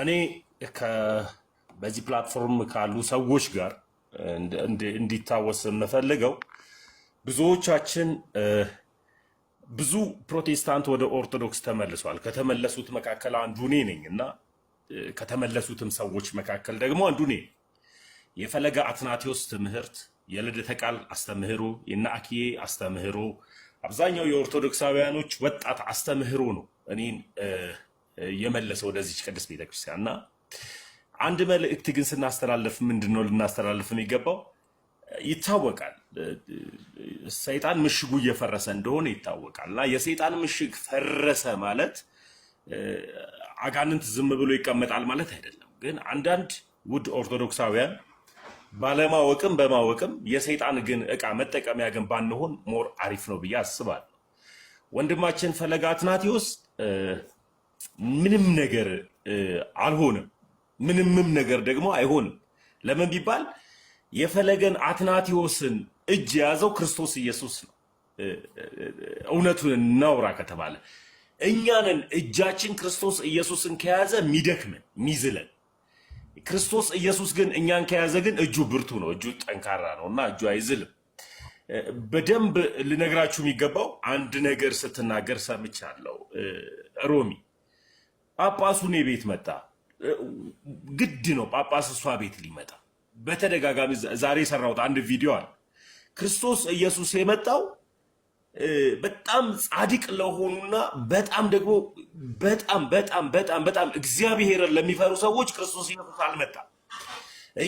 እኔ በዚህ ፕላትፎርም ካሉ ሰዎች ጋር እንዲታወስ የምፈልገው ብዙዎቻችን ብዙ ፕሮቴስታንት ወደ ኦርቶዶክስ ተመልሷል። ከተመለሱት መካከል አንዱ እኔ ነኝ እና ከተመለሱትም ሰዎች መካከል ደግሞ አንዱ እኔ የፈለገ አትናቴዎስ ትምህርት፣ የልደተ ቃል አስተምህሮ፣ የናአኪዬ አስተምህሮ፣ አብዛኛው የኦርቶዶክሳውያኖች ወጣት አስተምህሮ ነው እኔን የመለሰ ወደዚች ቅድስት ቤተክርስቲያን እና አንድ መልእክት ግን ስናስተላልፍ ምንድን ነው ልናስተላልፍ የሚገባው? ይታወቃል ሰይጣን ምሽጉ እየፈረሰ እንደሆነ ይታወቃል። እና የሰይጣን ምሽግ ፈረሰ ማለት አጋንንት ዝም ብሎ ይቀመጣል ማለት አይደለም። ግን አንዳንድ ውድ ኦርቶዶክሳውያን ባለማወቅም በማወቅም የሰይጣን ግን እቃ መጠቀሚያ ግን ባንሆን ሞር አሪፍ ነው ብዬ አስባለሁ። ወንድማችን ፈለገ አትናቴዎስ ምንም ነገር አልሆንም። ምንምም ነገር ደግሞ አይሆንም። ለምን ቢባል የፈለገን አትናቴዎስን እጅ የያዘው ክርስቶስ ኢየሱስ ነው። እውነቱን እናውራ ከተባለ እኛንን እጃችን ክርስቶስ ኢየሱስን ከያዘ ሚደክመን ሚዝለን፣ ክርስቶስ ኢየሱስ ግን እኛን ከያዘ ግን እጁ ብርቱ ነው፣ እጁ ጠንካራ ነው እና እጁ አይዝልም። በደንብ ልነግራችሁ የሚገባው አንድ ነገር ስትናገር ሰምቻለሁ ሮሚ ጳጳሱ እኔ ቤት መጣ። ግድ ነው ጳጳስ እሷ ቤት ሊመጣ። በተደጋጋሚ ዛሬ የሰራሁት አንድ ቪዲዮ አለ። ክርስቶስ ኢየሱስ የመጣው በጣም ጻድቅ ለሆኑና በጣም ደግሞ በጣም በጣም በጣም በጣም እግዚአብሔርን ለሚፈሩ ሰዎች ክርስቶስ ኢየሱስ አልመጣ።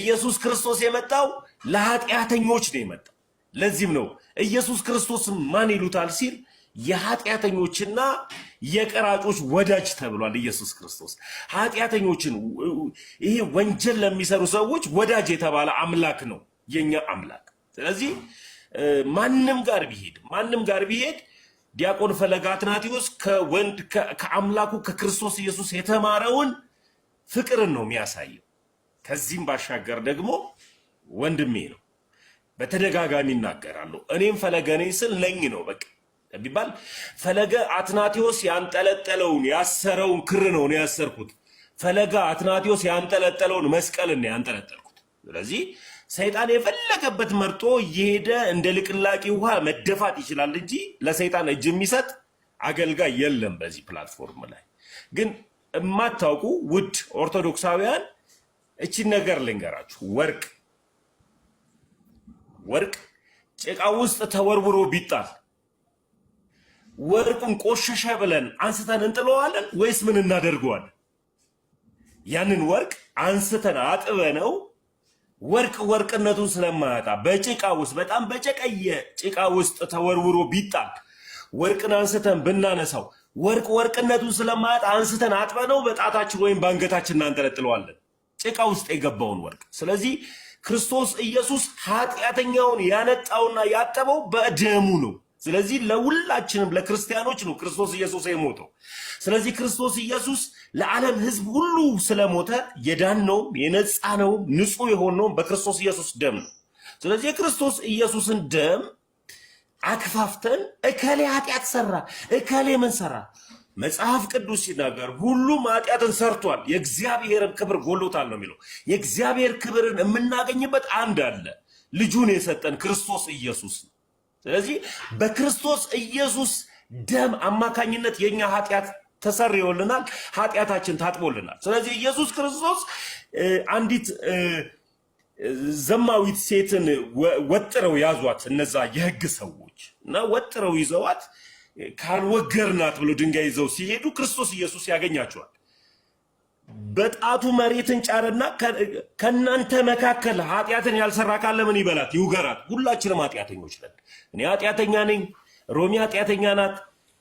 ኢየሱስ ክርስቶስ የመጣው ለኃጢአተኞች ነው የመጣው። ለዚህም ነው ኢየሱስ ክርስቶስ ማን ይሉታል ሲል የኃጢአተኞችና የቀራጮች ወዳጅ ተብሏል ኢየሱስ ክርስቶስ። ኃጢአተኞችን ይሄ ወንጀል ለሚሰሩ ሰዎች ወዳጅ የተባለ አምላክ ነው የኛ አምላክ። ስለዚህ ማንም ጋር ቢሄድ ማንም ጋር ቢሄድ ዲያቆን ፈለገ አትናቴዎስ ከወንድ ከአምላኩ ከክርስቶስ ኢየሱስ የተማረውን ፍቅርን ነው የሚያሳየው። ከዚህም ባሻገር ደግሞ ወንድሜ ነው፣ በተደጋጋሚ እናገራለሁ። እኔም ፈለገ ነኝ ስል ነኝ ነው በቃ ቢባል ፈለገ አትናቴዎስ ያንጠለጠለውን ያሰረውን ክር ነው ነው ያሰርኩት። ፈለገ አትናቴዎስ ያንጠለጠለውን መስቀልን ነው ያንጠለጠልኩት። ስለዚህ ሰይጣን የፈለገበት መርጦ እየሄደ እንደ ልቅላቂ ውሃ መደፋት ይችላል እንጂ ለሰይጣን እጅ የሚሰጥ አገልጋይ የለም በዚህ ፕላትፎርም ላይ። ግን የማታውቁ ውድ ኦርቶዶክሳውያን እቺን ነገር ልንገራችሁ። ወርቅ ወርቅ ጭቃ ውስጥ ተወርውሮ ቢጣል ወርቁን ቆሸሸ ብለን አንስተን እንጥለዋለን ወይስ ምን እናደርገዋለን? ያንን ወርቅ አንስተን አጥበነው ወርቅ ወርቅነቱን ስለማያጣ በጭቃ ውስጥ በጣም በጨቀየ ጭቃ ውስጥ ተወርውሮ ቢጣል ወርቅን አንስተን ብናነሳው ወርቅ ወርቅነቱን ስለማያጣ አንስተን አጥበነው በጣታችን ወይም በአንገታችን እናንጠለጥለዋለን ጭቃ ውስጥ የገባውን ወርቅ። ስለዚህ ክርስቶስ ኢየሱስ ኃጢአተኛውን ያነጣውና ያጠበው በደሙ ነው። ስለዚህ ለሁላችንም ለክርስቲያኖች ነው ክርስቶስ ኢየሱስ የሞተው። ስለዚህ ክርስቶስ ኢየሱስ ለዓለም ሕዝብ ሁሉ ስለሞተ የዳነውም የነጻነውም ንጹህ የሆነውም በክርስቶስ ኢየሱስ ደም ነው። ስለዚህ የክርስቶስ ኢየሱስን ደም አክፋፍተን እከሌ ኃጢአት ሰራ፣ እከሌ ምን ሰራ፣ መጽሐፍ ቅዱስ ሲናገር ሁሉም ኃጢአትን ሰርቷል፣ የእግዚአብሔርን ክብር ጎሎታል ነው የሚለው። የእግዚአብሔር ክብርን የምናገኝበት አንድ አለ፣ ልጁን የሰጠን ክርስቶስ ኢየሱስ ነው። ስለዚህ በክርስቶስ ኢየሱስ ደም አማካኝነት የኛ ኃጢአት ተሰርዮልናል፣ ኃጢአታችን ታጥቦልናል። ስለዚህ ኢየሱስ ክርስቶስ አንዲት ዘማዊት ሴትን ወጥረው ያዟት እነዛ የህግ ሰዎች እና ወጥረው ይዘዋት ካልወገርናት ብሎ ድንጋይ ይዘው ሲሄዱ ክርስቶስ ኢየሱስ ያገኛቸዋል። በጣቱ መሬትን ጫረና ከእናንተ መካከል ኃጢአትን ያልሰራ ካለ ምን ይበላት ይውገራት። ሁላችንም ኃጢአተኞች ነን። እኔ ኃጢአተኛ ነኝ። ሮሚ ኃጢአተኛ ናት።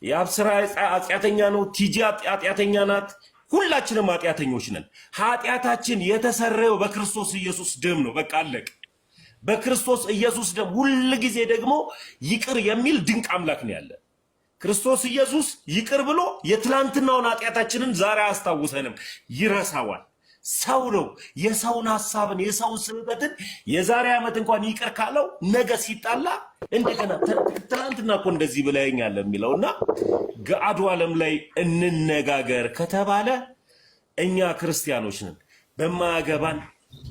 የአብስራ ኃጢአተኛ ነው። ቲጂ ኃጢአተኛ ናት። ሁላችንም ኃጢአተኞች ነን። ኃጢአታችን የተሰረየው በክርስቶስ ኢየሱስ ደም ነው። በቃ አለቅ። በክርስቶስ ኢየሱስ ደም ጊዜ ደግሞ ይቅር የሚል ድንቅ አምላክ ነው ያለን። ክርስቶስ ኢየሱስ ይቅር ብሎ የትላንትናውን ኃጢአታችንን ዛሬ አያስታውሰንም፣ ይረሳዋል። ሰው ነው። የሰውን ሐሳብን የሰውን ስህተትን የዛሬ ዓመት እንኳን ይቅር ካለው ነገ ሲጣላ እንደገና ትላንትና እኮ እንደዚህ ብለኸኛል የሚለው እና ገአዱ ዓለም ላይ እንነጋገር ከተባለ እኛ ክርስቲያኖች ነን። በማያገባን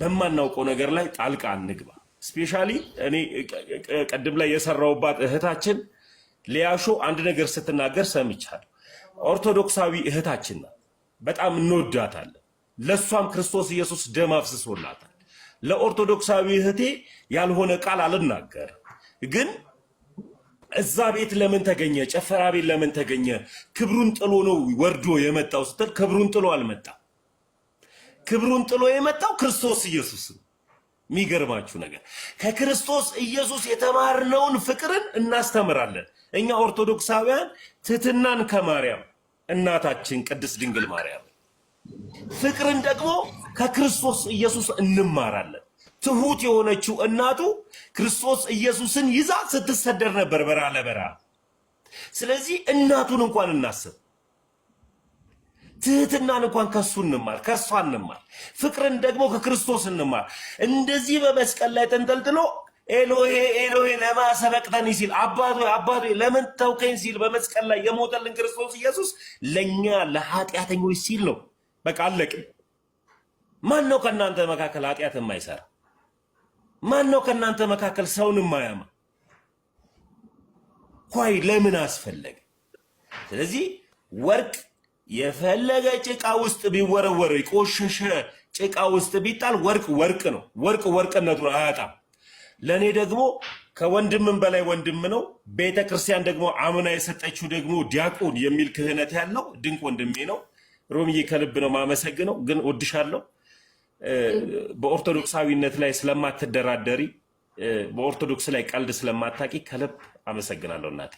በማናውቀው ነገር ላይ ጣልቃ አንግባ። ስፔሻሊ እኔ ቅድም ላይ የሰራውባት እህታችን ሊያሾ አንድ ነገር ስትናገር ሰምቻለሁ። ኦርቶዶክሳዊ እህታችን ናት፣ በጣም እንወዳታለን። ለእሷም ክርስቶስ ኢየሱስ ደም አፍስሶላታል። ለኦርቶዶክሳዊ እህቴ ያልሆነ ቃል አልናገር ግን እዛ ቤት ለምን ተገኘ? ጨፈራ ቤት ለምን ተገኘ? ክብሩን ጥሎ ነው ወርዶ የመጣው ስትል፣ ክብሩን ጥሎ አልመጣም። ክብሩን ጥሎ የመጣው ክርስቶስ ኢየሱስ ነው። የሚገርማችሁ ነገር ከክርስቶስ ኢየሱስ የተማርነውን ፍቅርን እናስተምራለን። እኛ ኦርቶዶክሳውያን ትህትናን ከማርያም እናታችን ቅድስት ድንግል ማርያም፣ ፍቅርን ደግሞ ከክርስቶስ ኢየሱስ እንማራለን። ትሁት የሆነችው እናቱ ክርስቶስ ኢየሱስን ይዛ ስትሰደር ነበር በራ ለበራ ስለዚህ እናቱን እንኳን እናስብ፣ ትህትናን እንኳን ከሱ እንማር፣ ከእሷ እንማር፣ ፍቅርን ደግሞ ከክርስቶስ እንማር። እንደዚህ በመስቀል ላይ ተንጠልጥሎ ኤሎሄ ኤሎሄ ለማ ሰበቅተኒ ሲል አባቶ አባቶ ለምን ተውከኝ ሲል በመስቀል ላይ የሞተልን ክርስቶስ ኢየሱስ ለእኛ ለኃጢአተኞች ሲል ነው። በቃ አለቅም። ማን ነው ከእናንተ መካከል ኃጢአት የማይሰራ? ማን ነው ከእናንተ መካከል ሰውን የማያማ? ኳይ ለምን አስፈለገ? ስለዚህ ወርቅ የፈለገ ጭቃ ውስጥ ቢወረወረ የቆሸሸ ጭቃ ውስጥ ቢጣል ወርቅ ወርቅ ነው። ወርቅ ወርቅነቱን አያጣም። ለእኔ ደግሞ ከወንድምም በላይ ወንድም ነው። ቤተ ክርስቲያን ደግሞ አምና የሰጠችው ደግሞ ዲያቆን የሚል ክህነት ያለው ድንቅ ወንድሜ ነው። ሮምዬ ከልብ ነው ማመሰግነው። ግን ወድሻለሁ። በኦርቶዶክሳዊነት ላይ ስለማትደራደሪ፣ በኦርቶዶክስ ላይ ቀልድ ስለማታቂ ከልብ አመሰግናለሁ እናቴ።